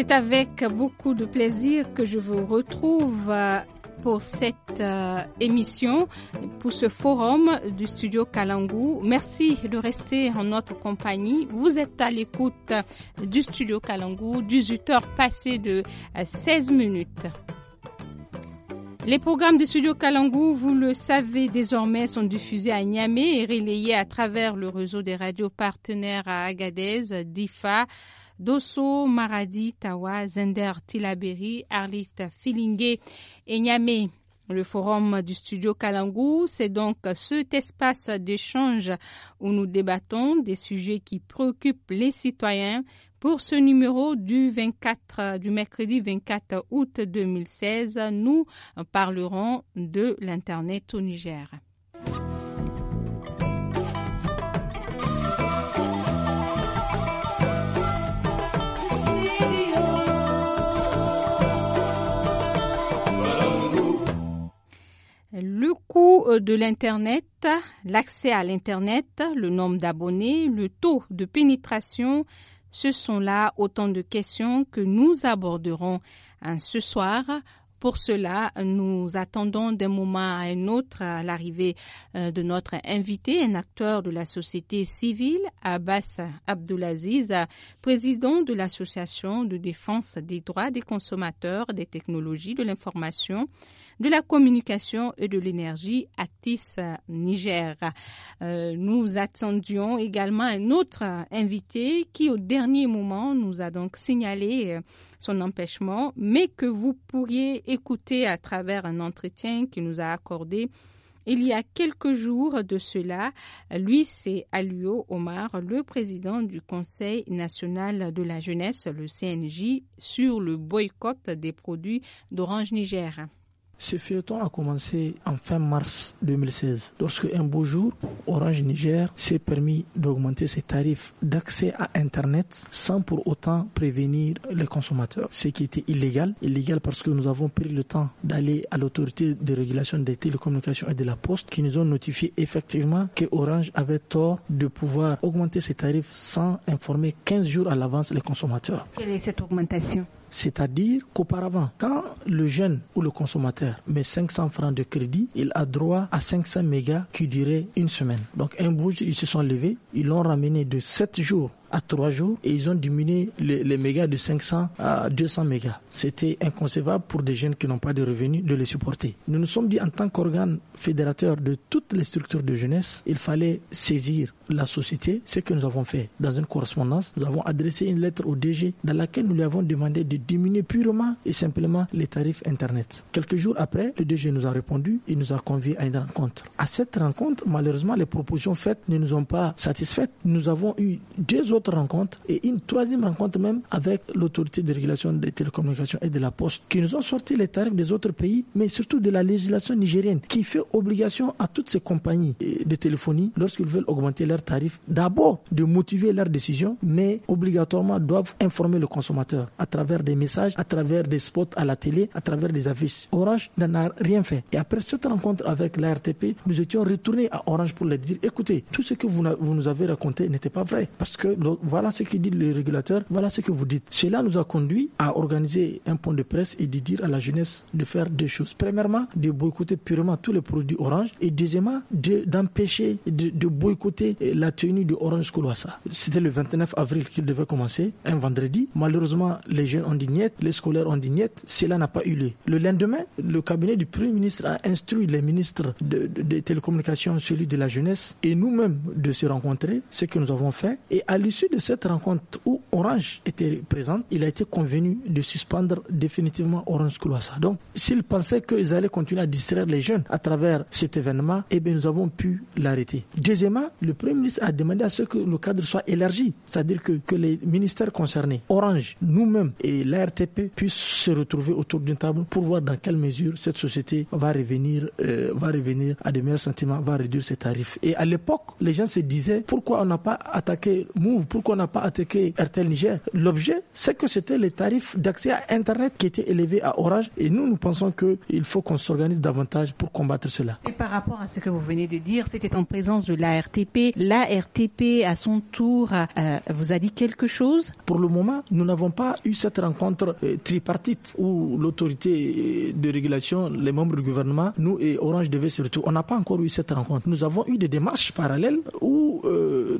C'est avec beaucoup de plaisir que je vous retrouve euh, pour cette euh, émission, pour ce forum du studio Kalangu. Merci de rester en notre compagnie. Vous êtes à l'écoute du studio Kalangu, 18 heures passées de 16 euh, minutes. Les programmes du studio Kalangu, vous le savez désormais, sont diffusés à Niamey et relayés à travers le réseau des radios partenaires à Agadez, DIFA, Dosso, Maradi, Tawa, Zender, Tilaberi, Arlit, Filingue et Le forum du studio Kalangou, c'est donc cet espace d'échange où nous débattons des sujets qui préoccupent les citoyens. Pour ce numéro du 24, du mercredi 24 août 2016, nous parlerons de l'Internet au Niger. Euh, de l'Internet, l'accès à l'Internet, le nombre d'abonnés, le taux de pénétration, ce sont là autant de questions que nous aborderons hein, ce soir. Pour cela, nous attendons d'un moment à un autre l'arrivée euh, de notre invité, un acteur de la société civile, Abbas Abdulaziz, président de l'Association de défense des droits des consommateurs des technologies de l'information de la communication et de l'énergie, Tis euh, Niger. Euh, nous attendions également un autre euh, invité qui, au dernier moment, nous a donc signalé son empêchement, mais que vous pourriez écouter à travers un entretien qu'il nous a accordé il y a quelques jours de cela, lui, c'est Aluo Omar, le président du Conseil national de la jeunesse, le CNJ, sur le boycott des produits d'Orange Niger. Ce feuilleton a commencé en fin mars 2016, lorsque un beau jour, Orange Niger s'est permis d'augmenter ses tarifs d'accès à Internet sans pour autant prévenir les consommateurs, ce qui était illégal. Illégal parce que nous avons pris le temps d'aller à l'autorité de régulation des télécommunications et de la poste qui nous ont notifié effectivement que Orange avait tort de pouvoir augmenter ses tarifs sans informer 15 jours à l'avance les consommateurs. Quelle est cette augmentation c'est-à-dire qu'auparavant, quand le jeune ou le consommateur met 500 francs de crédit, il a droit à 500 mégas qui duraient une semaine. Donc un bouge, ils se sont levés, ils l'ont ramené de 7 jours à 3 jours et ils ont diminué les, les mégas de 500 à 200 mégas. C'était inconcevable pour des jeunes qui n'ont pas de revenus de les supporter. Nous nous sommes dit en tant qu'organe fédérateur de toutes les structures de jeunesse, il fallait saisir la société, ce que nous avons fait. Dans une correspondance, nous avons adressé une lettre au DG dans laquelle nous lui avons demandé de diminuer purement et simplement les tarifs Internet. Quelques jours après, le DG nous a répondu et nous a conviés à une rencontre. À cette rencontre, malheureusement, les propositions faites ne nous ont pas satisfaites. Nous avons eu deux autres rencontres et une troisième rencontre même avec l'autorité de régulation des télécommunications et de la Poste, qui nous ont sorti les tarifs des autres pays, mais surtout de la législation nigérienne, qui fait obligation à toutes ces compagnies eh, de téléphonie, lorsqu'ils veulent augmenter leurs tarifs, d'abord de motiver leurs décisions, mais obligatoirement doivent informer le consommateur à travers des messages, à travers des spots à la télé, à travers des affiches. Orange n'en a rien fait. Et après cette rencontre avec l'ARTP, nous étions retournés à Orange pour leur dire, écoutez, tout ce que vous, nous avez raconté n'était pas vrai. Parce que voilà ce que dit le régulateur, voilà ce que vous dites. Cela nous a conduit à organiser un point de presse et de dire à la jeunesse de faire deux choses. Premièrement, de boycotter purement tous les produits orange et deuxièmement, d'empêcher de, de, boycotter euh, la tenue de Orange Colossa. C'était le 29 avril qu'il devait commencer, un vendredi. Malheureusement, les jeunes ont dit niet, les scolaires ont dit niet, cela n'a pas eu lieu. Le lendemain, le cabinet du Premier ministre a instruit les ministres des de, télécommunications, celui de la jeunesse et nous-mêmes de se rencontrer, ce que nous avons fait. Et à l'issue de cette rencontre où Orange était présente, il a été convenu de suspendre définitivement Orange ça Donc, s'ils pensaient qu'ils allaient continuer à distraire les jeunes à travers cet événement, eh bien, nous avons pu l'arrêter. Deuxièmement, le Premier ministre a demandé à ce que le cadre soit élargi, c'est-à-dire que, que les ministères concernés, Orange, nous-mêmes et l'ARTP puissent se retrouver autour d'une table pour voir dans quelle mesure cette société va revenir, euh, va revenir à de meilleurs sentiments, va réduire ses tarifs. Et à l'époque, les gens se disaient pourquoi on n'a pas attaqué Move, pourquoi on n'a pas attaqué RTL Niger. L'objet, c'est que c'était les tarifs d'accès à Internet qui était élevé à orage. Et nous, nous pensons qu'il faut qu'on s'organise davantage pour combattre cela. Et par rapport à ce que vous venez de dire, c'était en présence de l'ARTP. L'ARTP, à son tour, euh, vous a dit quelque chose Pour le moment, nous n'avons pas eu cette rencontre euh, tripartite où l'autorité euh, de régulation, les membres du gouvernement, nous et Orange se surtout. On n'a pas encore eu cette rencontre. Nous avons eu des démarches parallèles où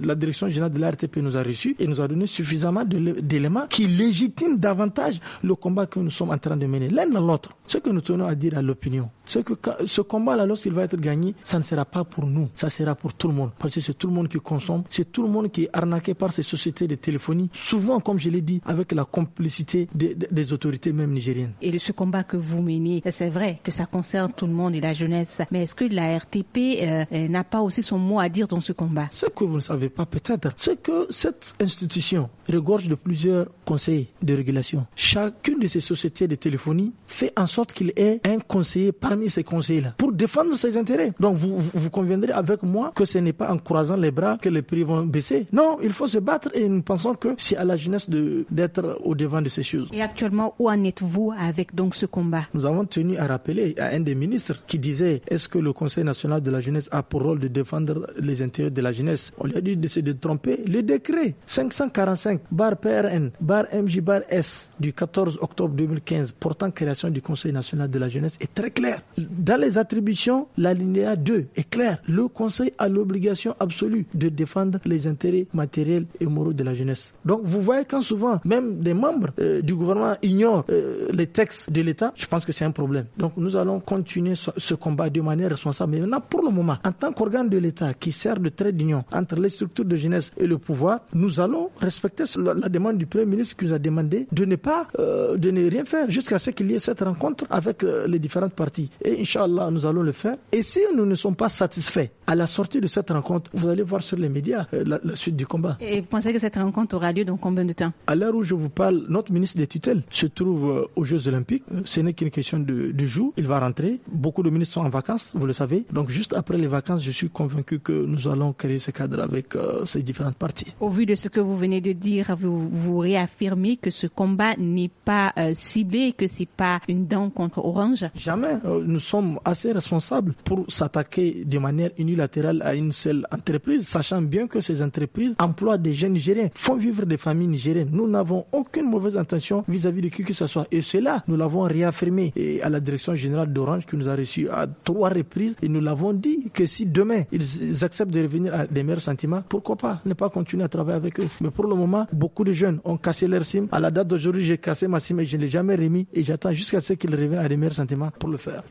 la direction générale de l'ARTP nous a reçus et nous a donné suffisamment d'éléments qui légitiment davantage le combat que nous sommes en train de mener, l'un dans l'autre. Ce que nous tenons à dire à l'opinion, c'est que ce combat-là, lorsqu'il va être gagné, ça ne sera pas pour nous, ça sera pour tout le monde. Parce que c'est tout le monde qui consomme, c'est tout le monde qui est arnaqué par ces sociétés de téléphonie, souvent, comme je l'ai dit, avec la complicité des, autorités même nigériennes. Et ce combat que vous menez, c'est vrai que ça concerne tout le monde et la jeunesse, mais est-ce que la RTP euh, euh, n'a pas aussi son mot à dire dans ce combat Ce que vous ne savez pas peut-être, c'est que cette institution regorge de plusieurs conseils de régulation. Chaque Chacune de ces sociétés de téléphonie fait en sorte qu'il ait un conseiller parmi ces conseillers-là pour défendre ses intérêts. Donc vous, vous, conviendrez avec moi que ce n'est pas en croisant les bras que les prix vont baisser. Non, il faut se battre et nous pensons que c'est à la jeunesse d'être au devant de ces choses. Et actuellement, où en êtes-vous avec donc ce combat Nous avons tenu à rappeler à un des ministres qui disait est-ce que le Conseil national de la jeunesse a pour rôle de défendre les intérêts de la jeunesse On lui a dit de se tromper. Le décret 545 bar PRN bar MJ bar S du 14 octobre 2015 portant création du Conseil national de la jeunesse est très clair. Dans les attributions, l'alinéa 2 est clair. Le Conseil a l'obligation absolue de défendre les intérêts matériels et moraux de la jeunesse. Donc vous voyez quand souvent même des membres euh, du gouvernement ignorent euh, les textes de l'État, je pense que c'est un problème. Donc nous allons continuer ce, combat de manière responsable. Mais maintenant, pour le moment, en tant qu'organe de l'État qui sert de trait d'union entre les structures de jeunesse et le pouvoir, nous allons respecter la, demande du Premier ministre qui nous a demandé de ne pas... Euh, de ne rien faire jusqu'à ce qu'il y ait cette rencontre avec euh, les différentes parties. Et Inch'Allah, nous allons le faire. Et si nous ne sommes pas satisfaits à la sortie de cette rencontre, vous allez voir sur les médias euh, la, suite du combat. Et vous pensez que cette rencontre aura lieu dans combien de temps À l'heure où je vous parle, notre ministre des tutelles se trouve euh, aux Jeux Olympiques. Ce n'est qu'une question de, de jour. Il va rentrer. Beaucoup de ministres sont en vacances, vous le savez. Donc juste après les vacances, je suis convaincu que nous allons créer ce cadre avec ces différentes parties. Au vu de ce que vous venez de dire, vous, vous réaffirmez que ce combat n'est pas euh, ciblé, que c'est pas une dent contre Orange Jamais. Euh, nous sommes assez responsables pour s'attaquer de manière unilatérale à une seule entreprise, sachant bien que ces entreprises emploient des jeunes Nigériens, font vivre des familles nigériennes. Nous n'avons aucune mauvaise intention vis-à-vis de qui que ce soit. Et cela, nous l'avons réaffirmé et à la direction générale d'Orange qui nous a reçu à trois reprises et nous l'avons dit que si demain ils acceptent de revenir à des meilleurs sentiments, pourquoi pas ne pas continuer à travailler avec eux. Mais pour le moment, beaucoup de jeunes ont cassé leur sim. À la date d'aujourd'hui, j'ai cassé ma mais je ne l'ai jamais remis et j'attends jusqu'à ce qu'il revienne à des meilleurs sentiments pour le faire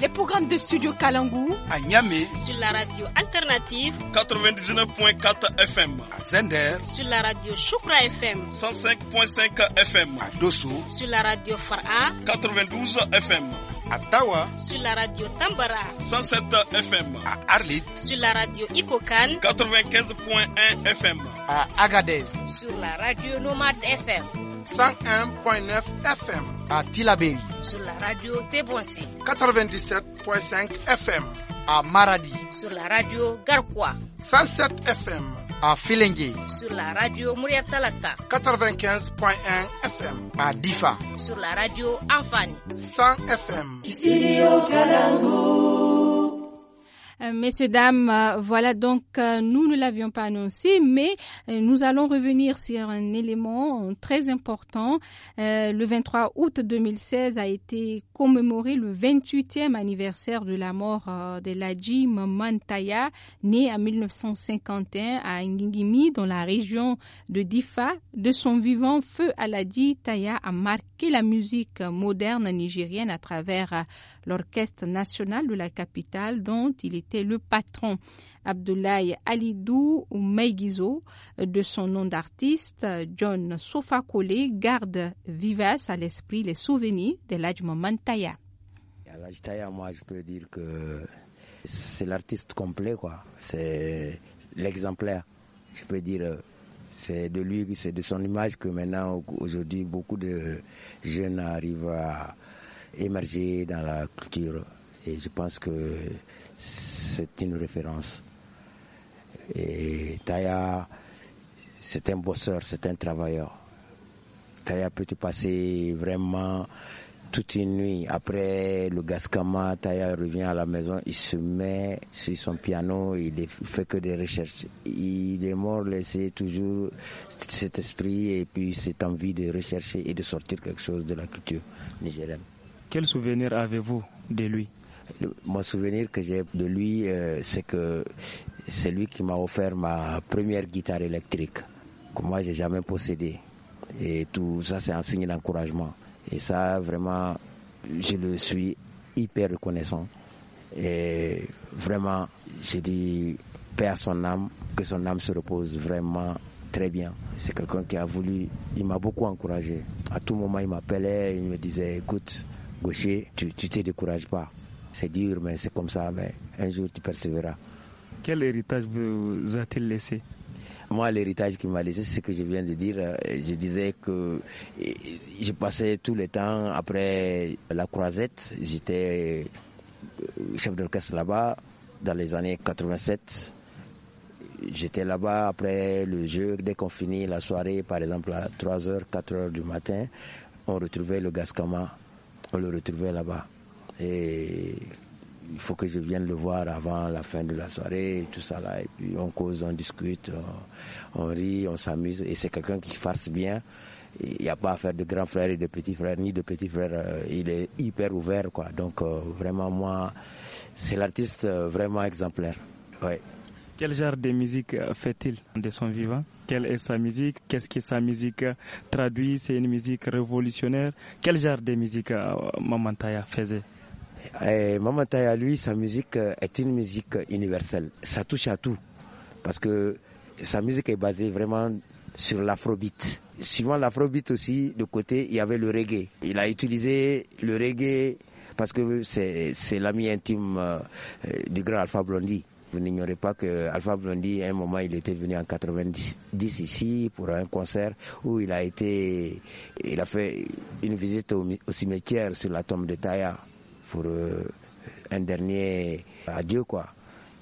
les programmes de Studio Kalangou à Niamey sur la radio alternative 99.4 FM à Zender sur la radio Choukra FM 105.5 FM à sur la radio Fara 92 FM à Tawa sur la radio Tambara 107 FM à Arlit sur la radio Ipokane 95.1 FM à Agadez sur la radio Nomad FM 101.9 FM à Tilaberi. Sur la radio Téboisé 97.5 FM à Maradi. Sur la radio Garkwa. 107 FM à Filengue. Sur la radio Muriatalaka. 95.1 FM à Difa. Sur la radio Anfani. 100 FM. Studio euh, messieurs, dames, euh, voilà donc euh, nous ne l'avions pas annoncé, mais nous allons revenir sur un élément très important. le 23 août 2016 a été commémorer le 28e anniversaire de la mort euh, de Ladji Mamantaya, né en 1951 à Ngingimi, dans la région de Difa. De son vivant, Feu Aladji Taya a marqué la musique moderne nigérienne à travers euh, l'Orchestre national de la capitale dont il était le patron. Abdoulaye Alidou ou Meigizo, euh, de son nom d'artiste, John Sofakole, garde vivace à l'esprit les souvenirs de Ladji Mamantaya. Taya. Taya, moi, je peux dire que c'est l'artiste complet, quoi. C'est l'exemplaire. Je peux dire, euh, c'est de lui, c'est de son image que maintenant, aujourd'hui, beaucoup de jeunes arrivent à émerger dans la culture. Et je pense que c'est une référence. Et Taya, c'est un bosseur, c'est un travailleur. Taya peut te passer vraiment toute une nuit. Après, le Gaskama, Taya revient à la maison, il se met sur son piano, il fait que des recherches. Il est mort laissé toujours cet esprit et puis cette envie de rechercher et de sortir quelque chose de la culture nigérienne. Quel souvenir avez-vous de lui Mon souvenir que j'ai de lui, euh, c'est que c'est lui qui m'a offert ma première guitare électrique, que moi j'ai jamais possédée. Et tout ça, c'est un signe d'encouragement et ça, vraiment, je le suis hyper reconnaissant. Et vraiment, j'ai dit, paix à son âme, que son âme se repose vraiment très bien. C'est quelqu'un qui a voulu, il m'a beaucoup encouragé. À tout moment, il m'appelait, il me disait, écoute, gaucher, tu, ne te décourages pas. C'est dur, mais c'est comme ça, mais un jour tu persévéreras. Quel héritage vous a-t-il laissé moi, l'héritage qui m'a laissé, c'est ce que je viens de dire. Euh, je disais que euh, je passais tout le temps après la croisette. J'étais euh, chef d'orchestre là-bas dans les années 87. J'étais là-bas après le jeu, dès qu'on finit la soirée, par exemple à 3h, 4h du matin, on retrouvait le Gascama, on le retrouvait là-bas. Et il faut que je vienne le voir avant la fin de la soirée, tout ça là. Et puis on cause, on discute, on, rit, on s'amuse. Et c'est quelqu'un qui fasse bien. Il n'y a pas à faire de grands frères et de petits frères, ni de petits frères. Euh, il est hyper ouvert, quoi. Donc euh, vraiment, moi, c'est l'artiste euh, vraiment exemplaire. Ouais. Quel genre de musique fait-il de son vivant Quelle est sa musique Qu'est-ce que sa musique traduit C'est une musique révolutionnaire Quel genre de musique Mamantaya faisait et Maman Taya, lui, sa musique euh, est une musique universelle. Ça touche à tout. Parce que sa musique est basée vraiment sur l'afrobeat. Suivant l'afrobeat aussi, de côté, il y avait le reggae. Il a utilisé le reggae parce que c'est l'ami intime euh, du grand Alpha Blondie. Vous n'ignorez pas que Alpha Blondie, à un moment, il était venu en 90 ici pour un concert où il a été, il a fait une visite au cimetière sur la tombe de Taya pour euh, un dernier adieu, quoi.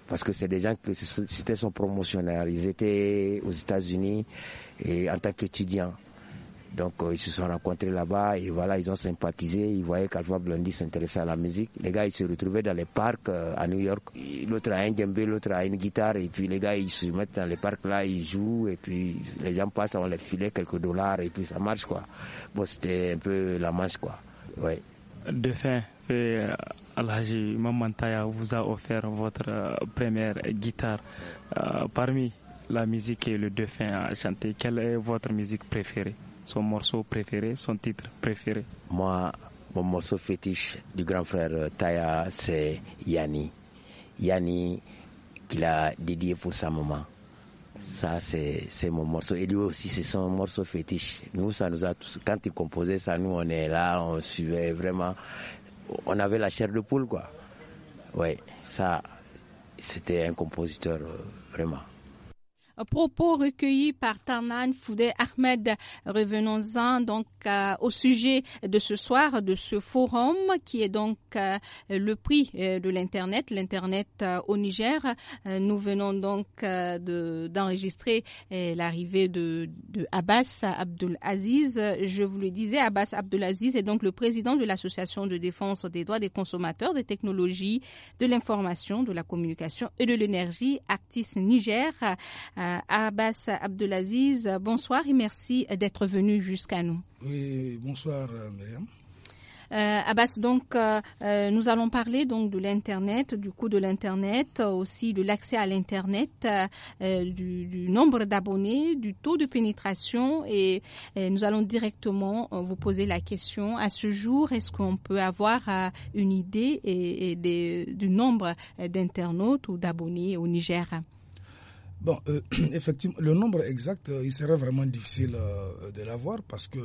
Parce que c'est des gens que c'était son promotionnaire. Ils étaient aux États-Unis et en tant qu'étudiants. Donc euh, ils se sont rencontrés là-bas et voilà, ils ont sympathisé. Ils voyaient qu'Alpha Blondie s'intéressait à la musique. Les gars, ils se retrouvaient dans les parcs euh, à New York. L'autre a un djembé, l'autre a une guitare. Et puis les gars, ils se mettent dans les parcs là, ils jouent. Et puis les gens passent, on les filait quelques dollars et puis ça marche quoi. Bon, c'était un peu la manche quoi. Ouais. De fin, Maman euh, Alhaji Mamantaya vous a offert votre euh, première guitare. Euh, parmi la musique et le dauphin à chanter, quelle est votre musique préférée Son morceau préféré, son titre préféré Moi, mon morceau fétiche du grand frère Taya, c'est Yanni. Yanni, qu'il a dédié pour sa maman. Ça, c'est mon morceau. Et lui aussi, c'est son morceau fétiche. Nous, ça nous a tous, quand il composait ça, nous, on est là, on suivait vraiment on avait la chair de poule, quoi. Oui, ça, c'était un compositeur, euh, vraiment propos recueillis par Tarnan foudet Ahmed. Revenons-en donc euh, au sujet de ce soir, de ce forum qui est donc euh, le prix euh, de l'Internet, l'Internet au Niger. Nous venons donc d'enregistrer l'arrivée de, Abbas Abdul Aziz. Je vous le disais, Abbas Abdelaziz est donc le président de l'Association de défense des droits des consommateurs, des technologies, de l'information, de la communication et de l'énergie, Actis Niger. Abbas Abdelaziz. Bonsoir et merci d'être venu jusqu'à nous. Oui, bonsoir euh, Myriam. Euh, Abbas, donc euh, nous allons parler donc de l'internet, du coût de l'internet, aussi de l'accès à l'internet, du, nombre d'abonnés, du taux de pénétration et, nous allons directement vous poser la question à ce jour est-ce qu'on peut avoir une idée du nombre d'internautes ou d'abonnés au Niger? Bon, euh, effectivement, le nombre exact, euh, il serait vraiment difficile euh, de l'avoir parce que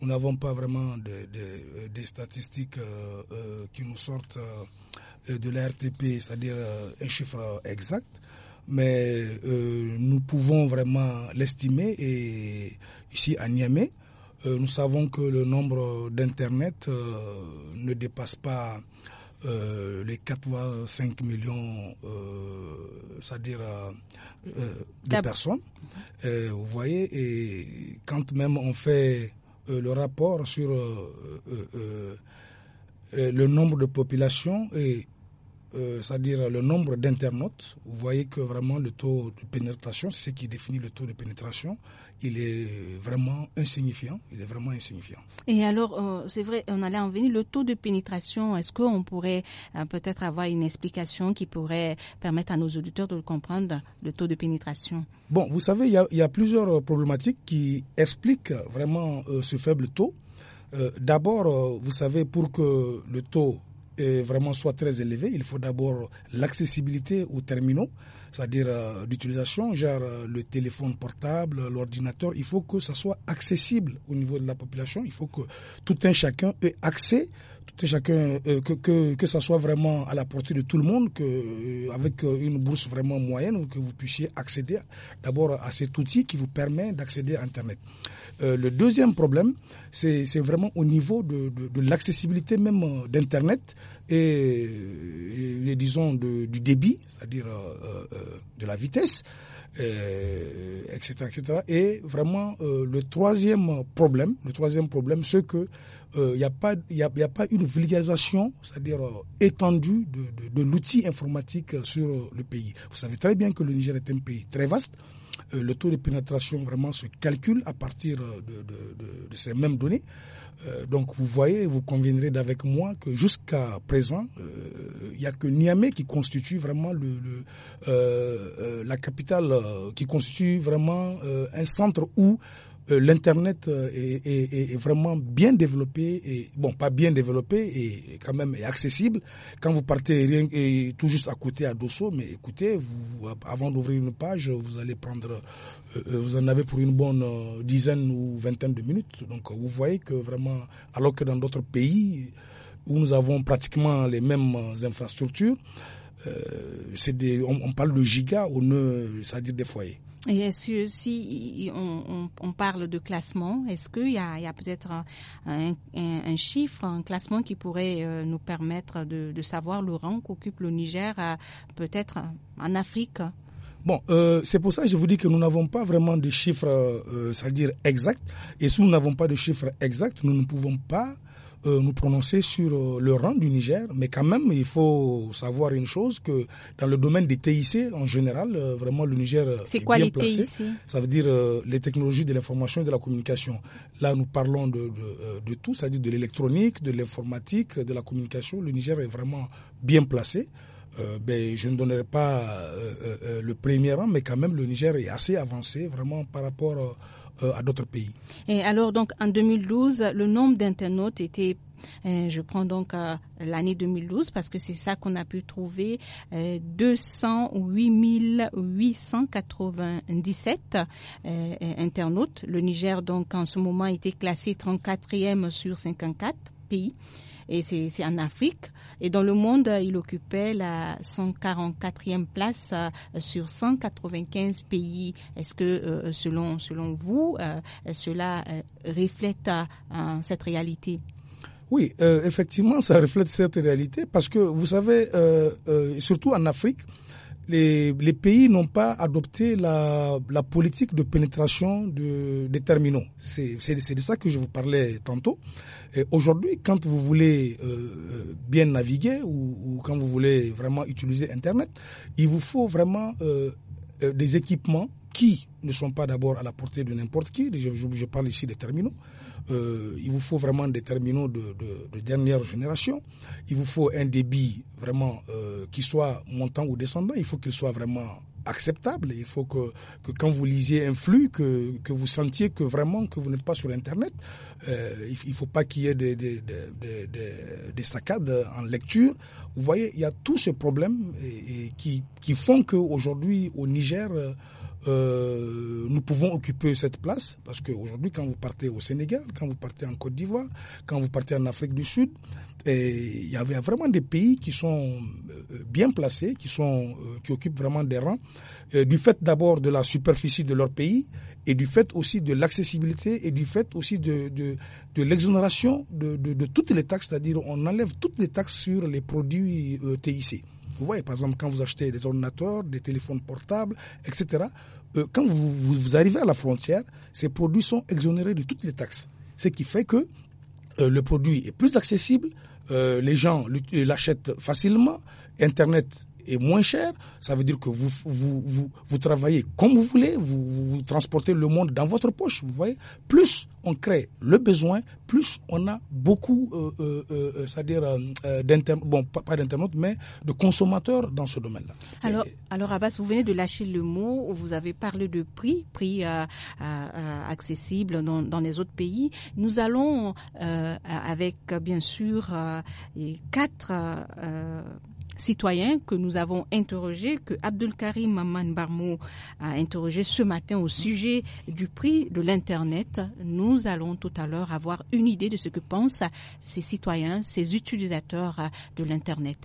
nous n'avons pas vraiment des statistiques qui nous sortent de la RTP, c'est-à-dire un chiffre exact. Mais nous pouvons vraiment l'estimer et ici à Niamey, nous savons que le nombre d'Internet ne dépasse pas euh, les 4,5 millions, euh, c'est-à-dire euh, de personnes. Euh, vous voyez, et quand même on fait le rapport sur le nombre de populations et euh, c'est-à-dire le nombre d'internautes, vous voyez que vraiment le taux de pénétration, c'est ce qui définit le taux de pénétration, il est vraiment insignifiant. Il est vraiment insignifiant. Et alors, euh, c'est vrai, on allait en venir, le taux de pénétration, est-ce qu'on pourrait euh, peut-être avoir une explication qui pourrait permettre à nos auditeurs de comprendre, le taux de pénétration Bon, vous savez, il il y a plusieurs problématiques qui expliquent vraiment ce faible taux. D'abord, vous savez, pour que le taux vraiment soit très élevé, il faut d'abord l'accessibilité aux terminaux, c'est-à-dire l'utilisation, euh, genre euh, le téléphone portable, l'ordinateur. Il faut que ça soit accessible au niveau de la population. Il faut que tout un chacun ait accès que chacun, euh, que, ça soit vraiment à la portée de tout le monde, que, euh, avec euh, une bourse vraiment moyenne, que vous puissiez accéder d'abord à cet outil qui vous permet d'accéder à Internet. le deuxième problème, c'est vraiment au niveau de, l'accessibilité même d'Internet et, et, disons, du débit, c'est-à-dire de la vitesse etc., euh, etc. Et vraiment, euh, le troisième problème, le troisième problème, c'est que il euh, n'y a, pas, il a pas une vulgarisation, c'est-à-dire étendue de, l'outil informatique sur le pays. Vous savez très bien que le Niger est un pays très vaste. le taux de pénétration vraiment se calcule à partir de, de ces mêmes données. Euh, donc vous voyez, vous conviendrez d'avec moi que jusqu'à présent, euh, il n'y a que Niamey qui constitue vraiment le, euh, la capitale, qui constitue vraiment un centre où euh, l'Internet euh, est, vraiment bien développé, et, bon, pas bien développé, et, quand même accessible. Quand vous partez tout juste à côté à Dosso, mais écoutez, avant d'ouvrir une page, vous allez prendre, euh, vous en avez pour une bonne dizaine ou vingtaine de minutes. Donc vous voyez que vraiment, alors que dans d'autres pays où nous avons pratiquement les mêmes infrastructures, on, parle de giga ou ne, c'est-à-dire des foyers. Et si on, parle de classement, est-ce qu'il y a, peut-être un, chiffre, un classement qui pourrait euh, nous permettre de, savoir le rang qu'occupe le Niger, euh, peut-être en Afrique Bon, euh, c'est pour ça que je vous dis que nous n'avons pas vraiment de chiffres, c'est-à-dire exacts. Et si nous n'avons pas de chiffres exacts, nous ne pouvons pas euh, nous prononcer sur euh, le rang du Niger, mais quand même, il faut savoir une chose que dans le domaine des TIC en général, euh, vraiment le Niger est, quoi, les TIC ça veut dire les technologies de l'information et de la communication. Là, nous parlons de, de, tout, c'est-à-dire de l'électronique, de l'informatique, de la communication. Le Niger est vraiment bien placé. Ben, je ne donnerai pas le premier rang, mais quand même le Niger est assez avancé vraiment par rapport euh, à d'autres pays. Et alors, donc, en 2012, le nombre d'internautes était euh, je prends donc euh, l'année 2012 parce que c'est ça qu'on a pu trouver, 208 897 internautes. Le Niger, donc, en ce moment, était classé 34e sur 54 pays. Et c'est en Afrique. Et dans le monde, il occupait la 144e place euh, sur 195 pays. Est-ce que, euh, selon, selon vous, euh, cela reflète cette réalité? Oui, effectivement, ça reflète cette réalité parce que vous savez, surtout en Afrique, les, pays n'ont pas adopté la, politique de pénétration de, des terminaux. C'est de ça que je vous parlais tantôt. Aujourd'hui, quand vous voulez euh, bien naviguer ou, quand vous voulez vraiment utiliser Internet, il vous faut vraiment euh, euh, des équipements qui ne sont pas d'abord à la portée de n'importe qui. Je, parle ici des terminaux. Euh, il vous faut vraiment des terminaux de, dernière génération. Il vous faut un débit vraiment euh, qui soit montant ou descendant. Il faut qu'il soit vraiment acceptable. Il faut que, quand vous lisiez un flux, que, vous sentiez que vraiment que vous n'êtes pas sur Internet. Euh, il ne faut pas qu'il y ait des, des, saccades en lecture. Vous voyez, il y a tous ces problèmes et, qui, qui, font qu'aujourd'hui, au Niger, euh, nous pouvons occuper cette place parce qu'aujourd'hui, quand vous partez au Sénégal, quand vous partez en Côte d'Ivoire, quand vous partez en Afrique du Sud, il y avait vraiment des pays qui sont euh, bien placés, qui, sont, euh, qui occupent vraiment des rangs, du fait d'abord de la superficie de leur pays et du fait aussi de l'accessibilité et du fait aussi de, de, l'exonération de, de, de, toutes les taxes, c'est-à-dire on enlève toutes les taxes sur les produits TIC. Vous voyez, par exemple, quand vous achetez des ordinateurs, des téléphones portables, etc., euh, quand vous, arrivez à la frontière, ces produits sont exonérés de toutes les taxes. Ce qui fait que euh, le produit est plus accessible, euh, les gens l'achètent facilement, Internet est moins cher. Ça veut dire que vous, vous, vous, vous travaillez comme vous voulez, vous, vous, transportez le monde dans votre poche, vous voyez. Plus on crée le besoin, plus on a beaucoup, euh, euh, euh c'est-à-dire, euh, euh, bon, pas, d'internautes, mais de consommateurs dans ce domaine-là. Alors, alors, Abbas, vous venez de lâcher le mot, où vous avez parlé de prix, prix accessible dans, dans, les autres pays. Nous allons, avec bien sûr, quatre citoyens que nous avons interrogés, que Abdul Karim Maman Barmou a interrogé ce matin au sujet du prix de l'Internet. Nous allons tout à l'heure avoir une idée de ce que pensent ces citoyens, ces utilisateurs de l'Internet.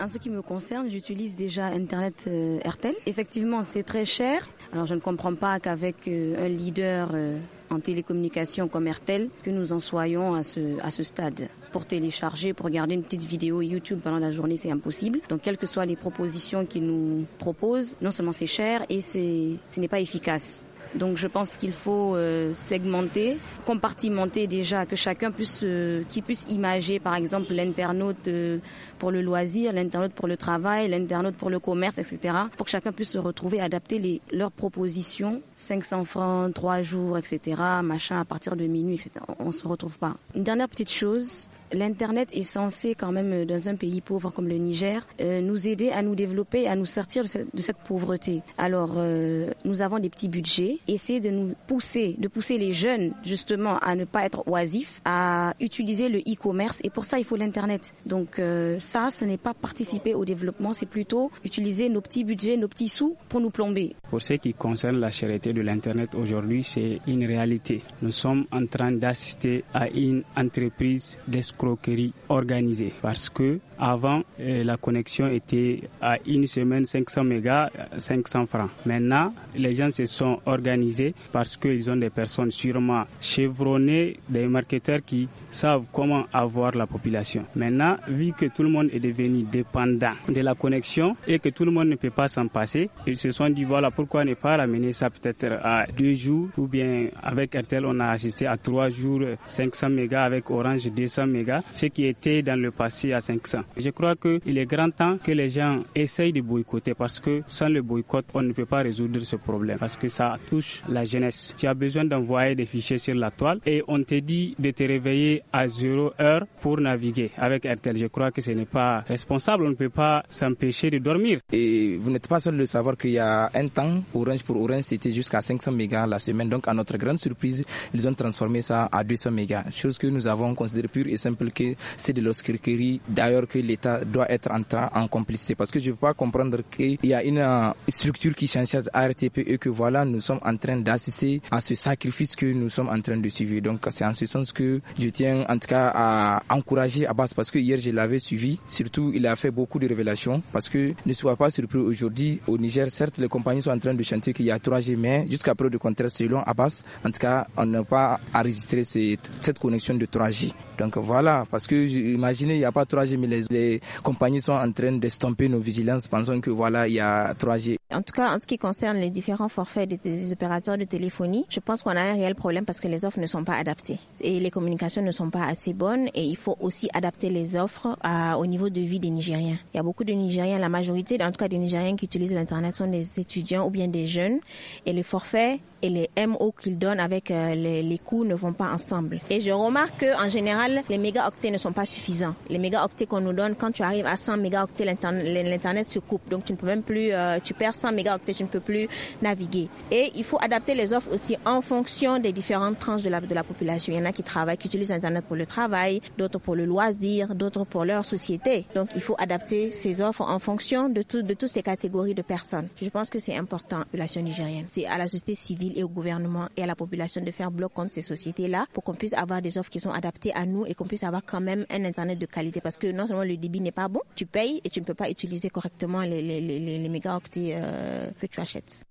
En ce qui me concerne, j'utilise déjà Internet euh, airtel, Effectivement, c'est très cher. Alors, je ne comprends pas qu'avec euh, un leader euh, en télécommunication comme RTL que nous en soyons à ce, à ce stade. Pour télécharger, pour regarder une petite vidéo YouTube pendant la journée, c'est impossible. Donc, quelles que soient les propositions qu'ils nous proposent, non seulement c'est cher et c'est, ce n'est pas efficace. Donc je pense qu'il faut euh, segmenter, compartimenter déjà, que chacun puisse, euh, qui puisse imager par exemple l'internaute euh, pour le loisir, l'internaute pour le travail, l'internaute pour le commerce, etc. Pour que chacun puisse se retrouver, adapter les, leurs propositions 500 francs, 3 jours, etc., machin, à partir de minuit, etc. On ne se retrouve pas. Une dernière petite chose, L'Internet est censé quand même, euh, dans un pays pauvre comme le Niger, euh, nous aider à nous développer, à nous sortir de cette, pauvreté. Alors, euh, nous avons des petits budgets. Essayer de nous pousser, de pousser les jeunes justement à ne pas être oisifs, à utiliser le e-commerce. Et pour ça, il faut l'Internet. Donc ça, ce n'est pas participer au développement, c'est plutôt utiliser nos petits budgets, nos petits sous pour nous plomber. Pour ce qui concerne la charité de l'Internet aujourd'hui, c'est une réalité. Nous sommes en train d'assister à une entreprise d'exploitation croquerie organisée parce que avant, euh, la connexion était à une semaine 500 mégas, 500 euh, francs. Maintenant, les gens se sont organisés parce qu'ils ont des personnes sûrement chevronnées, des marketeurs qui savent comment avoir la population. Maintenant, vu que tout le monde est devenu dépendant de la connexion et que tout le monde ne peut pas s'en passer, ils se sont dit voilà pourquoi ne pas ramener ça peut-être à deux jours ou bien avec RTL on a assisté à trois jours 500 euh, mégas avec Orange 200 mégas, ce qui était dans le passé à 500. Je crois qu'il est grand temps que les gens essayent de boycotter parce que sans le boycott, on ne peut pas résoudre ce problème parce que ça touche la jeunesse. Tu as besoin d'envoyer des fichiers sur la toile et on te dit de te réveiller à 0 heure pour naviguer avec RTL. Je crois que ce n'est pas responsable. On ne peut pas s'empêcher de dormir. Et vous n'êtes pas seul de savoir qu'il y a un temps, Orange pour Orange, c'était jusqu'à 500 mégas la semaine. Donc, à notre grande surprise, ils ont transformé ça à 200 mégas. Chose que nous avons considérée pure et simple que c'est de l'oscurquerie. D'ailleurs, que l'État doit être en, en complicité parce que je ne peux pas comprendre qu'il y a une euh, structure qui cherche à RTP et que voilà, nous sommes en train d'assister à ce sacrifice que nous sommes en train de suivre. Donc c'est en ce sens que je tiens en tout cas à encourager Abbas parce que hier je l'avais suivi. Surtout, il a fait beaucoup de révélations parce que ne sois pas surpris aujourd'hui au Niger. Certes, les compagnies sont en train de chanter qu'il y a 3G, mais jusqu'à preuve de contraire, selon Abbas, en tout cas, on n'a pas enregistré cette, cette connexion de 3G. Donc voilà, parce que imaginez, il n'y a pas 3G, mais les les compagnies sont en train d'estomper nos vigilances, pensant que voilà, il y a 3G en tout cas, en ce qui concerne les différents forfaits des, opérateurs de téléphonie, je pense qu'on a un réel problème parce que les offres ne sont pas adaptées et les communications ne sont pas assez bonnes et il faut aussi adapter les offres euh, au niveau de vie des Nigériens. Il y a beaucoup de Nigériens, la majorité, en tout cas des Nigériens qui utilisent l'Internet sont des étudiants ou bien des jeunes et les forfaits et les MO qu'ils donnent avec euh, les, les, coûts ne vont pas ensemble. Et je remarque qu'en général, les mégaoctets ne sont pas suffisants. Les mégaoctets qu'on nous donne, quand tu arrives à 100 mégaoctets, l'internet se coupe. Donc tu ne peux même plus, euh, tu perds 100 mégaoctets, je ne peux plus naviguer. Et il faut adapter les offres aussi en fonction des différentes tranches de la, de la population. Il y en a qui travaillent, qui utilisent Internet pour le travail, d'autres pour le loisir, d'autres pour leur société. Donc il faut adapter ces offres en fonction de, tout, de toutes ces catégories de personnes. Je pense que c'est important, la population nigérienne. C'est à la société civile et au gouvernement et à la population de faire bloc contre ces sociétés-là pour qu'on puisse avoir des offres qui sont adaptées à nous et qu'on puisse avoir quand même un Internet de qualité. Parce que non seulement le débit n'est pas bon, tu payes et tu ne peux pas utiliser correctement les, les, les, les mégaoctets euh, euh, que tu achètes.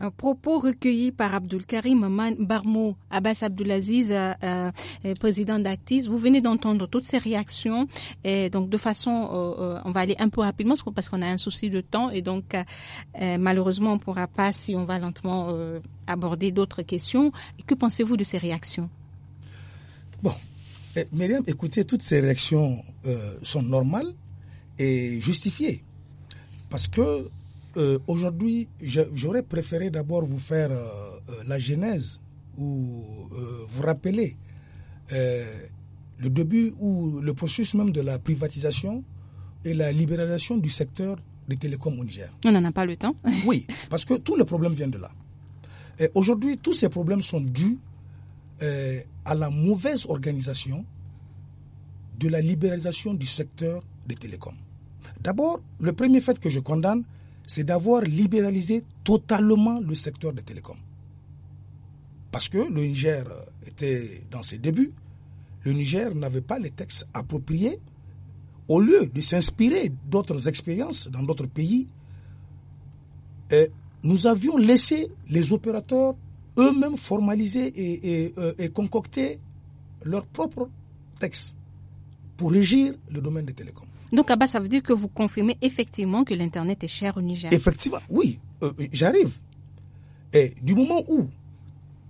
Un propos recueilli par Abdul Karim Barmo Abbas Abdulaziz, euh, euh, président d'Actis. Vous venez d'entendre toutes ces réactions. Et donc, de façon, on va aller un peu rapidement parce qu'on a un souci de temps et donc malheureusement, on ne pourra pas, si on va lentement, aborder d'autres questions. Que pensez-vous de ces réactions Bon, eh, Myriam, écoutez, toutes ces réactions sont normales et justifiées parce que euh, aujourd'hui, j'aurais préféré d'abord vous faire euh, euh, la genèse ou vous rappeler le début ou le processus même de la privatisation et la libéralisation du secteur des télécoms au Niger. On n'en a pas le temps. oui, parce que tous les problèmes viennent de là. Aujourd'hui, tous ces problèmes sont dus à la mauvaise organisation de la libéralisation du secteur des télécoms. D'abord, le premier fait que je condamne, c'est d'avoir libéralisé totalement le secteur des télécoms. Parce que le Niger euh, était dans ses débuts, le Niger n'avait pas les textes appropriés. Au lieu de s'inspirer d'autres expériences dans d'autres pays, et euh, nous avions laissé les opérateurs eux-mêmes formaliser et, euh, et concocter leurs propres textes pour régir le domaine des télécoms. Donc, Abba, ça veut dire que vous confirmez effectivement que l'Internet est cher au Niger. Effectivement, oui, euh, j'arrive. Et du moment où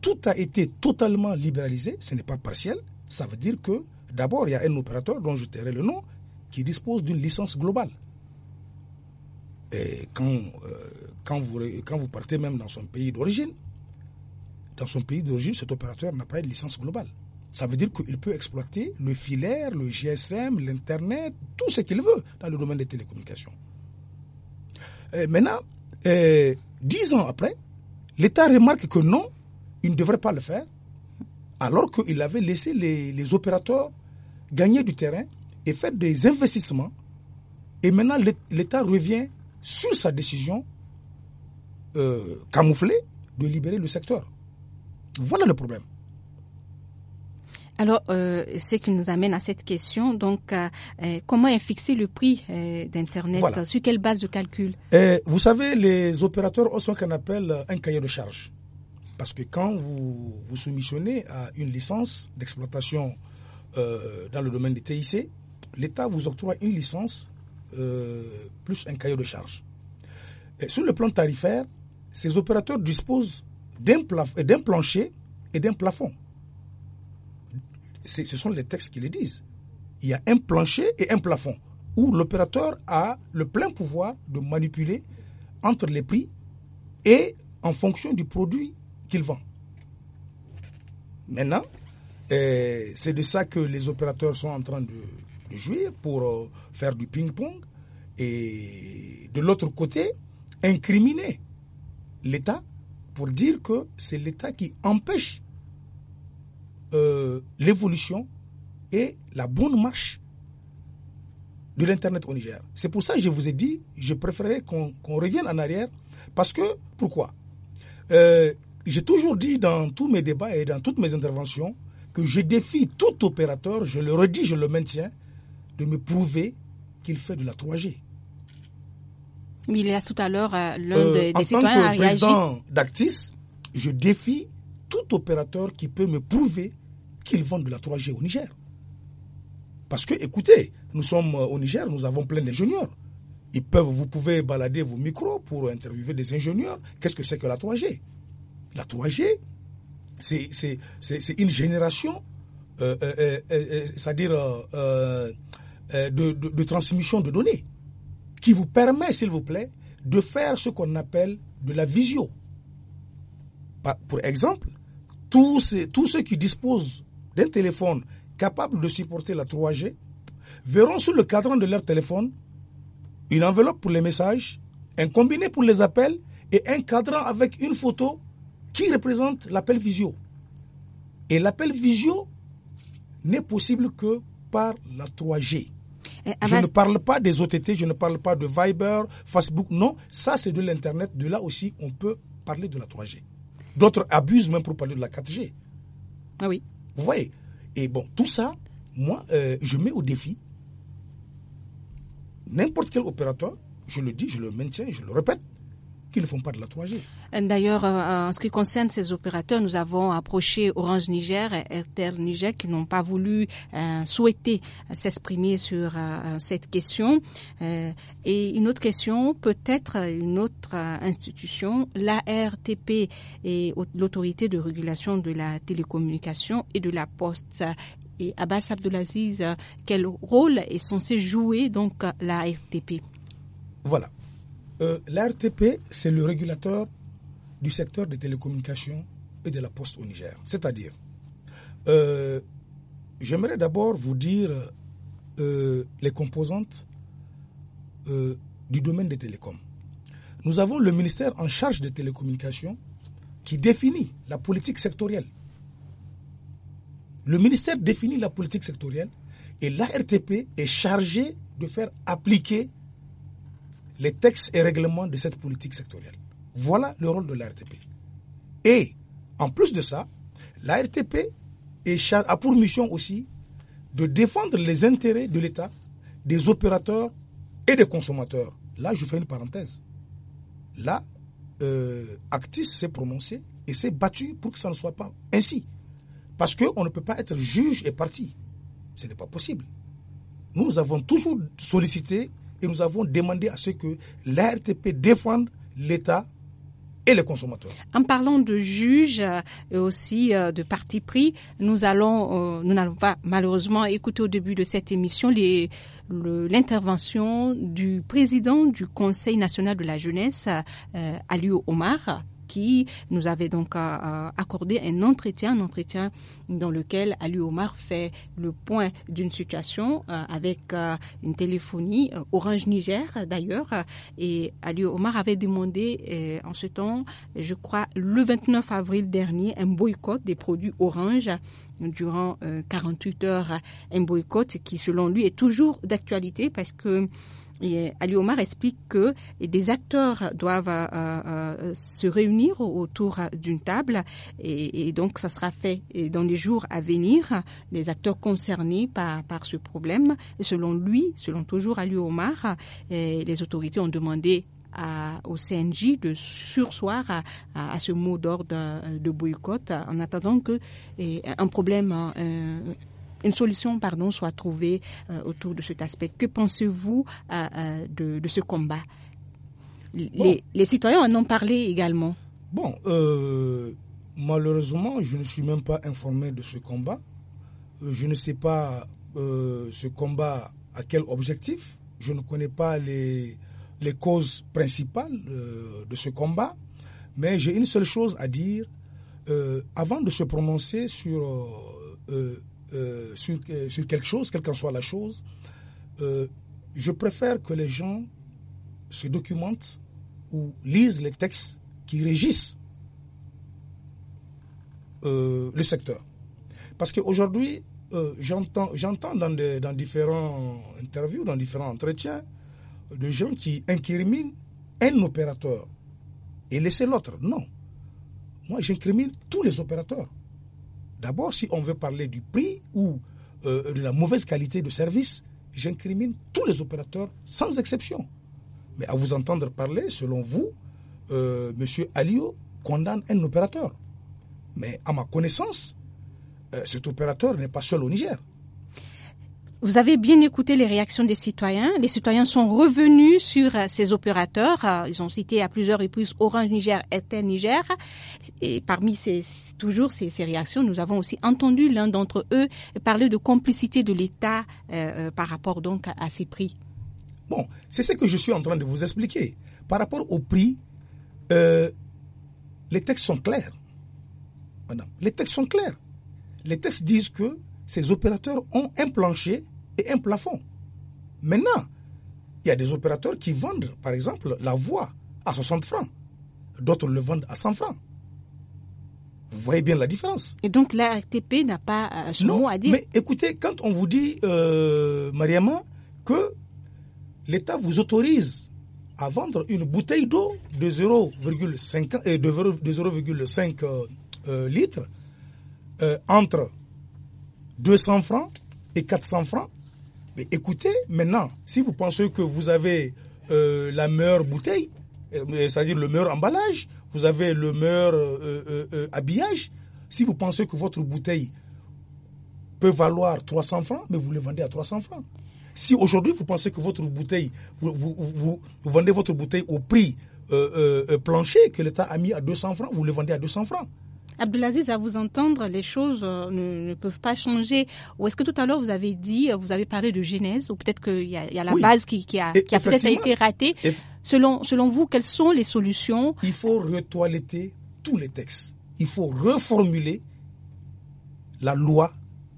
tout a été totalement libéralisé, ce n'est pas partiel, ça veut dire que d'abord, il y a un opérateur dont je tairai le nom qui dispose d'une licence globale. Et quand, euh, quand, vous, quand vous partez même dans son pays d'origine, dans son pays d'origine, cet opérateur n'a pas une licence globale. Ça veut dire qu'il peut exploiter le filaire, le GSM, l'Internet, tout ce qu'il veut dans le domaine des télécommunications. maintenant, dix ans après, l'État remarque que non, il ne devrait pas le faire, alors qu'il avait laissé les, opérateurs gagner du terrain et faire des investissements. Et maintenant, l'État revient sur sa décision euh, camouflée de libérer le secteur. Voilà le problème. Alors, euh, ce qui nous amène à cette question, donc, euh, euh, comment est fixé le prix d'Internet Sur quelle base de calcul Vous savez, les opérateurs ont ce qu'on appelle un cahier de charge. Parce que quand vous vous soumissionnez à une licence d'exploitation dans le domaine des TIC, l'État vous octroie une licence plus un cahier de charge. sur le plan tarifaire, ces opérateurs disposent d'un plancher et d'un plafond ce sont les textes qui le disent. Il y a un plancher et un plafond où l'opérateur a le plein pouvoir de manipuler entre les prix et en fonction du produit qu'il vend. Maintenant, euh, c'est de ça que les opérateurs sont en train de, jouir pour euh, faire du ping-pong et de l'autre côté, incriminer l'État pour dire que c'est l'État qui empêche euh, l'évolution et la bonne marche de l'Internet au Niger. C'est pour ça que je vous ai dit, je préférerais qu'on revienne en arrière, parce que, pourquoi euh, J'ai toujours dit dans tous mes débats et dans toutes mes interventions que je défie tout opérateur, je le redis, je le maintiens, de me prouver qu'il fait de la 3G. Mais il est a tout à l'heure, euh, l'un des, des citoyens En tant que président d'Actis, je défie tout opérateur qui peut me prouver qu'ils vendent de la 3G au Niger. Parce que, écoutez, nous sommes euh, au Niger, nous avons plein d'ingénieurs. Ils peuvent, vous pouvez balader vos micros pour interviewer des ingénieurs. Qu'est-ce que c'est que la 3G La 3G, c'est une génération, c'est-à-dire de, transmission de données, qui vous permet, s'il vous plaît, de faire ce qu'on appelle de la visio. Pour exemple, tous ceux, tous ceux, qui disposent téléphone capable de supporter la 3G verront sur le cadran de leur téléphone une enveloppe pour les messages, un combiné pour les appels et un cadran avec une photo qui représente l'appel visio. Et l'appel visio n'est possible que par la 3G. Je ne parle pas des OTT, je ne parle pas de Viber, Facebook, non. Ça, c'est de l'Internet. De là aussi, on peut parler de la 3G. D'autres abusent même pour parler de la 4G. Ah oui. Vous voyez Et bon, tout ça, moi, euh, je mets au défi n'importe quel opérateur, je le dis, je le maintiens, je le répète, qui ne font pas de la 3G. D'ailleurs, euh, en ce qui concerne ces opérateurs, nous avons approché Orange Niger et Airtel Niger qui n'ont pas voulu euh, souhaiter s'exprimer sur euh, cette question. et une autre question, peut-être une autre institution, l'ARTP et l'autorité de régulation de la télécommunication et de la poste et Abbas Abdelaziz, quel rôle est censé jouer donc la Voilà, euh, L'ARTP, c'est le régulateur du secteur des télécommunications et de la poste au Niger. C'est-à-dire, euh, j'aimerais d'abord vous dire euh, les composantes du domaine des télécoms. Nous avons le ministère en charge des télécommunications qui définit la politique sectorielle. Le ministère définit la politique sectorielle et l'ARTP est chargé de faire appliquer les textes et règlements de cette politique sectorielle. Voilà le rôle de l'ARTP. Et en plus de ça, l'ARTP a pour mission aussi de défendre les intérêts de l'État, des opérateurs et des consommateurs. Là, je fais une parenthèse. Là, euh, Actis s'est prononcé et s'est battu pour que ça ne soit pas ainsi. Parce qu'on ne peut pas être juge et parti. Ce n'est pas possible. Nous avons toujours sollicité et nous avons demandé à ce que l'ARTP défende l'État et les consommateurs. En parlant de juges et euh, aussi euh, de parti pris, nous allons, euh, nous n'allons pas malheureusement écouter au début de cette émission l'intervention du président du Conseil national de la jeunesse, Aliou Omar, qui nous avait donc euh, euh, accordé un entretien, un entretien dans lequel Ali Omar fait le point d'une situation euh, avec une téléphonie Orange Niger d'ailleurs. Et Ali Omar avait demandé en ce temps, je crois, le 29 avril dernier, un boycott des produits Orange durant 48 heures, un boycott qui selon lui est toujours d'actualité parce que Ali Omar explique que des acteurs doivent euh, euh, se réunir autour d'une table et, donc ça sera fait dans les jours à venir, les acteurs concernés par, par ce problème. Et selon lui, selon toujours Ali Omar, euh, les autorités ont demandé au CNJ de sursoir à, ce mot d'ordre de boycott en attendant que un problème une solution pardon, soit trouvée euh, autour de cet aspect. Que pensez-vous euh, euh, de, ce combat les, citoyens en ont parlé également. Bon, malheureusement, je ne suis même pas informé de ce combat. Je ne sais pas ce combat à quel objectif. Je ne connais pas les, les causes principales de ce combat. Mais j'ai une seule chose à dire. avant de se prononcer sur euh, sur, euh, sur, quelque chose, quelle qu'en soit la chose, euh, je préfère que les gens se documentent ou lisent les textes qui régissent le secteur. Parce qu'aujourd'hui, j'entends, j'entends dans, différents interviews, dans différents entretiens, de gens qui incriminent un opérateur et laisser l'autre. Non. Moi, j'incrimine tous les opérateurs. D'abord, si on veut parler du prix ou euh, de la mauvaise qualité de service, j'incrimine tous les opérateurs sans exception. Mais à vous entendre parler, selon vous, euh, M. Alio condamne un opérateur. Mais à ma connaissance, euh, cet opérateur n'est pas seul au Niger. Vous avez bien écouté les réactions des citoyens. Les citoyens sont revenus sur euh, ces opérateurs. Euh, ils ont cité à plusieurs reprises Orange Niger, Airtel Niger. Et parmi ces, toujours ces, réactions, nous avons aussi entendu l'un d'entre eux parler de complicité de l'État euh, par rapport donc à, ces prix. Bon, c'est ce que je suis en train de vous expliquer. Par rapport aux prix, les textes sont clairs. les textes sont clairs. Les textes disent que ces opérateurs ont un plancher un plafond. Maintenant, il y a des opérateurs qui vendent, par exemple, la voix à 60 francs. D'autres le vendent à 100 francs. Vous voyez bien la différence. Et donc la RTP n'a pas euh, son à dire. Mais écoutez, quand on vous dit, euh, Mariama, que l'État vous autorise à vendre une bouteille d'eau de 0,5 et 0,5 litres euh, entre 200 francs et 400 francs, écoutez, maintenant, si vous pensez que vous avez euh, la meilleure bouteille, euh, euh, c'est-à-dire le meilleur emballage, vous avez le meilleur habillage, si vous pensez que votre bouteille peut valoir 300 francs, mais vous le vendez à 300 francs. Si aujourd'hui vous pensez que votre bouteille, vous, vous vendez votre bouteille au prix plancher que l'État a mis à 200 francs, vous le vendez à 200 francs. Abdelaziz, à vous entendre, les choses euh, ne, peuvent pas changer. Ou est-ce que tout à l'heure, vous avez dit, euh, vous avez parlé de genèse, ou peut-être qu'il y, y, a la base qui, a, a peut-être été ratée. Selon, selon vous, quelles sont les solutions Il faut retoiletter tous les textes. Il faut reformuler la loi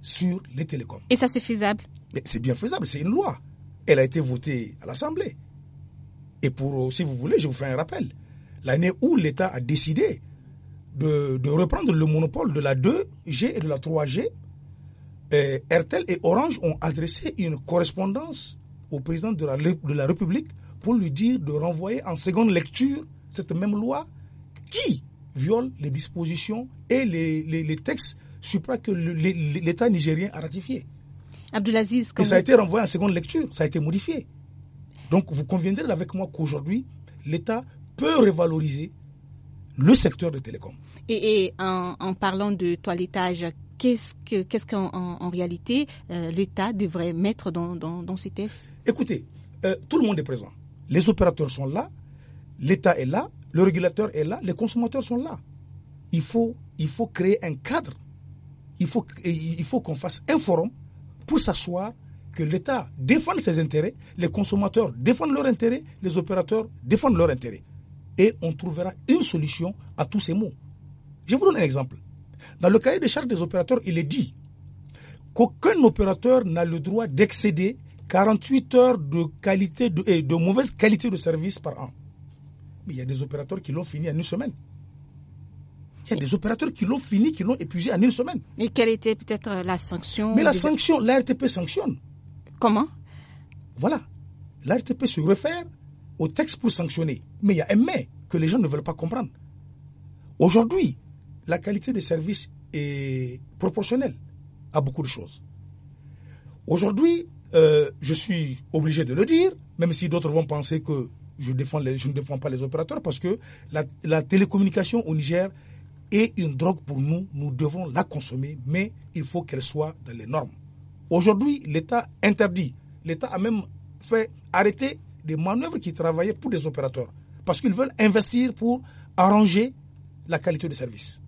sur les télécoms. Et ça, c'est faisable C'est bien faisable, c'est une loi. Elle a été votée à l'Assemblée. Et pour, euh, si vous voulez, je vous fais un rappel. L'année où l'État a décidé de, reprendre le monopole de la 2G et de la 3G, Hertel et Orange ont adressé une correspondance au président de la, de la République pour lui dire de renvoyer en seconde lecture cette même loi qui viole les dispositions et les, textes supra que l'État nigérien a ratifié. Abdelaziz, et ça a été renvoyé en seconde lecture, ça a été modifié. Donc vous conviendrez avec moi qu'aujourd'hui, l'État peut revaloriser le secteur de télécom. Et, en, parlant de toilettage, qu'est-ce qu'en qu en, réalité euh, l'État devrait mettre dans, ces tests Écoutez, euh, tout le monde est présent. Les opérateurs sont là, l'État est là, le régulateur est là, les consommateurs sont là. Il faut, il faut créer un cadre. Il faut, il faut qu'on fasse un forum pour s'asseoir que l'État défende ses intérêts, les consommateurs défendent leurs intérêts, les opérateurs défendent leurs intérêts et on trouvera une solution à tous ces mots. Je vous donne un exemple. Dans le cahier des charges des opérateurs, il est dit qu'aucun opérateur n'a le droit d'excéder 48 heures de, qualité de, mauvaise qualité de service par an. Mais il y a des opérateurs qui l'ont fini en une semaine. Il y a des opérateurs qui l'ont fini, qui l'ont épuisé en une semaine. Mais quelle était peut-être euh, la sanction Mais la sanction, l'ARTP sanctionne. Comment Voilà. L'ARTP se réfère au texte pour sanctionner. Mais il y a un mais que les gens ne veulent pas comprendre. Aujourd'hui, la qualité des services est proportionnelle à beaucoup de choses. Aujourd'hui, euh, je suis obligé de le dire, même si d'autres vont penser que je, défends les, je ne défends pas les opérateurs, parce que la télécommunication au Niger est une drogue pour nous. Nous devons la consommer, mais il faut qu'elle soit dans les normes. Aujourd'hui, l'État interdit. L'État a même fait arrêter des manœuvres qui travaillaient pour des opérateurs. Parce qu'ils veulent investir pour arranger la qualité de service.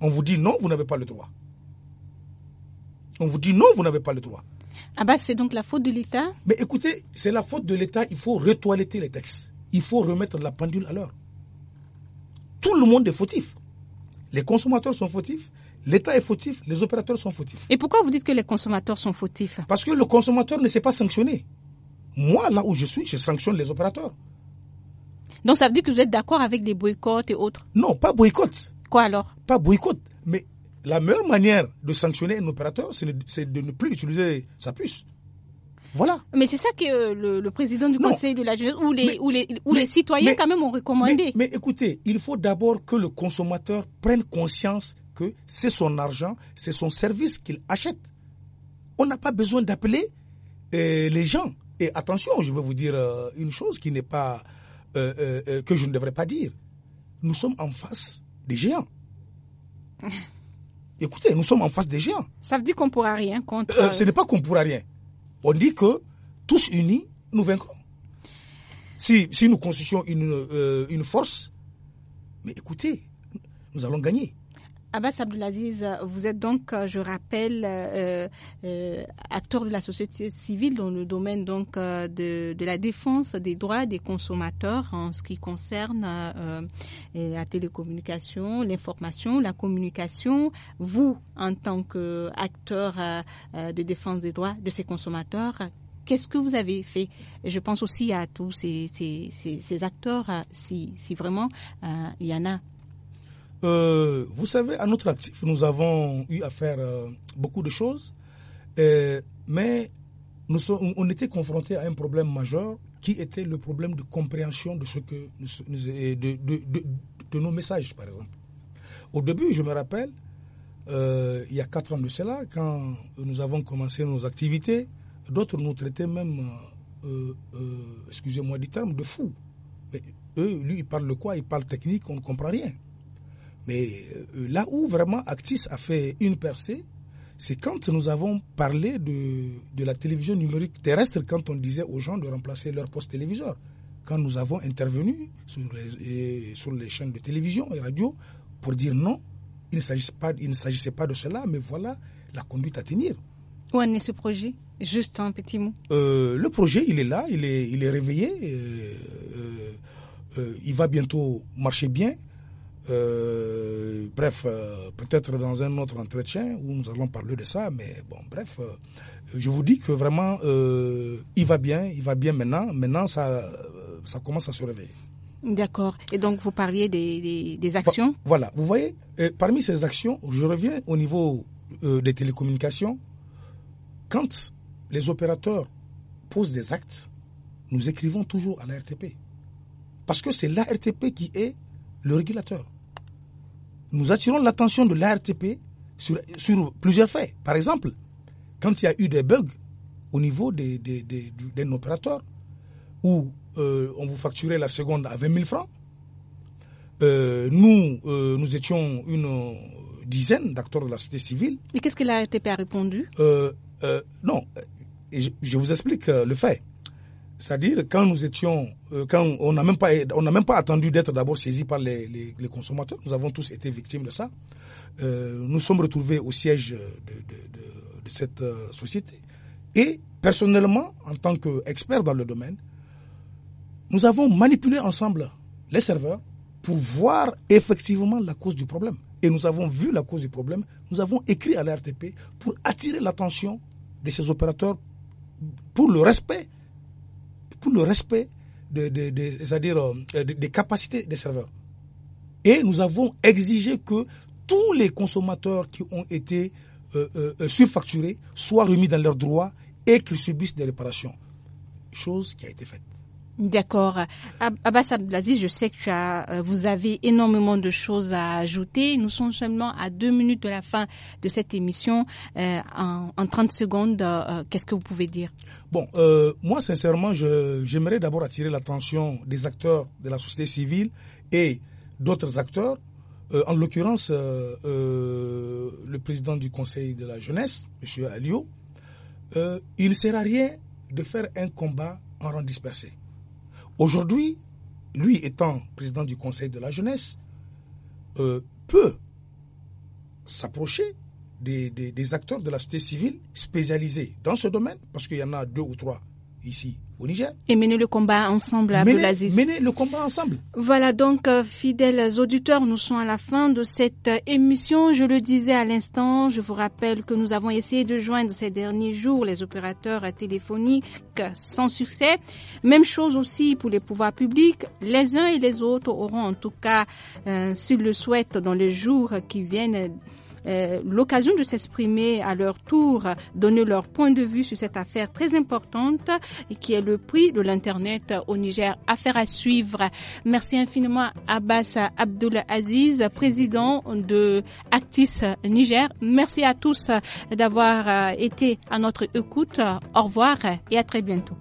On vous dit non, vous n'avez pas le droit. On vous dit non, vous n'avez pas le droit. Ah bah c'est donc la faute de l'État Mais écoutez, c'est la faute de l'État, il faut retoiletter les textes. Il faut remettre la pendule à l'heure. Tout le monde est fautif. Les consommateurs sont fautifs, l'État est fautif, les opérateurs sont fautifs. Et pourquoi vous dites que les consommateurs sont fautifs Parce que le consommateur ne s'est pas sanctionné. Moi, là où je suis, je sanctionne les opérateurs. Donc ça veut dire que vous êtes d'accord avec des boycotts et autres Non, pas boycott. Quoi alors Pas boycott. Mais la meilleure manière de sanctionner un opérateur, c'est de ne plus utiliser sa puce. Voilà. Mais c'est ça que euh, le, président du Conseil de la ou les, citoyens quand même ont recommandé. mais écoutez, il faut d'abord que le consommateur prenne conscience que c'est son argent, c'est son service qu'il achète. On n'a pas besoin d'appeler euh, les gens. Et attention, je vais vous dire euh, une chose qui n'est pas euh, euh, que je ne devrais pas dire. Nous sommes en face des géants. Écoutez, nous sommes en face des géants. Ça veut dire qu'on pourra rien contre. Euh, ce n'est pas qu'on pourra rien. On dit que tous unis, nous vaincrons. Si, nous constituons une, une force, mais écoutez, nous allons gagner. Abbas Abdelaziz, vous êtes donc, euh, je rappelle, euh, euh, acteur de la société civile dans le domaine donc euh, de, de, la défense des droits des consommateurs en ce qui concerne euh, la télécommunication, l'information, la communication. Vous, en tant qu'acteur de défense des droits de ces consommateurs, qu'est-ce que vous avez fait Je pense aussi à tous ces, ces, ces, ces acteurs, si, si vraiment il y en a euh, vous savez, à notre actif, nous avons eu à faire euh, beaucoup de choses, euh, mais nous sommes, on était confrontés à un problème majeur qui était le problème de compréhension de, ce que de, de, de, nos messages, par exemple. Au début, je me rappelle, il y a quatre ans de cela, quand nous avons commencé nos activités, d'autres nous traitaient même, excusez-moi du terme, de fous. Mais eux, lui, ils parlent de quoi ils parlent technique, on ne comprend rien. Mais euh, là où vraiment Actis a fait une percée, c'est quand nous avons parlé de, la télévision numérique terrestre, quand on disait aux gens de remplacer leur poste téléviseur. Quand nous avons intervenu sur les, chaînes de télévision et radio pour dire non, il ne, s'agissait pas de cela, mais voilà la conduite à tenir. Où en est ce projet Juste un petit mot. Euh, le projet, il est là, il est, il est réveillé. Euh, il va bientôt marcher bien. Euh, bref, euh, peut-être dans un autre entretien où nous allons parler de ça, mais bon, bref, euh, je vous dis que vraiment, il va bien, il va bien maintenant. Maintenant, ça, ça commence à se réveiller. D'accord. Et donc, vous parliez des, des actions Voilà, vous voyez, parmi ces actions, je reviens au niveau des télécommunications. Quand les opérateurs posent des actes, nous écrivons toujours à la RTP. Parce que c'est la RTP qui est le régulateur. Nous attirons l'attention de l'ARTP sur, sur, plusieurs faits. Par exemple, quand il y a eu des bugs au niveau d'un des, des, opérateur, où euh, on vous facturait la seconde à 20 000 francs, euh, nous, euh, nous étions une dizaine d'acteurs de la société civile. Et qu'est-ce que l'ARTP a répondu Non, je, vous explique le fait. C'est-à-dire, quand nous étions, euh, quand on n'a même pas, même pas attendu d'être d'abord saisi par les, consommateurs. Nous avons tous été victimes de ça. Euh, nous sommes retrouvés au siège de, cette euh, société. Et personnellement, en tant qu'expert dans le domaine, nous avons manipulé ensemble les serveurs pour voir effectivement la cause du problème. Et nous avons vu la cause du problème. Nous avons écrit à l'RTP pour attirer l'attention de ces opérateurs pour le respect pour le respect euh, des capacités des serveurs. Et nous avons exigé que tous les consommateurs qui ont été euh, euh, surfacturés soient remis dans leurs droits et qu'ils subissent des réparations. Chose qui a été faite. D'accord. Abbas Abdelaziz, je sais que euh, vous avez énormément de choses à ajouter. Nous sommes seulement à deux minutes de la fin de cette émission. Euh, en, trente 30 secondes, euh, qu'est-ce que vous pouvez dire Bon, moi sincèrement, j'aimerais d'abord attirer l'attention des acteurs de la société civile et d'autres acteurs. en l'occurrence, le président du Conseil de la jeunesse, M. Alio, il ne sert à rien de faire un combat en rang dispersé. Aujourd'hui, lui étant président du Conseil de la jeunesse, euh, peut s'approcher des, acteurs de la société civile spécialisés dans ce domaine, parce qu'il y en a deux ou trois ici et mener le combat ensemble, à mener, le combat ensemble. Voilà donc, euh, fidèles auditeurs, nous sommes à la fin de cette euh, émission. Je le disais à l'instant, je vous rappelle que nous avons essayé de joindre ces derniers jours les opérateurs téléphoniques sans succès. Même chose aussi pour les pouvoirs publics. Les uns et les autres auront en tout cas, euh, s'ils le souhaitent, dans les jours qui viennent, euh, l'occasion de s'exprimer à leur tour, donner leur point de vue sur cette affaire très importante qui est le prix de l'Internet au Niger. Affaire à suivre. Merci infiniment Abbas Abdul Aziz, président de Actis Niger. Merci à tous d'avoir euh, été à notre écoute. Au revoir et à très bientôt.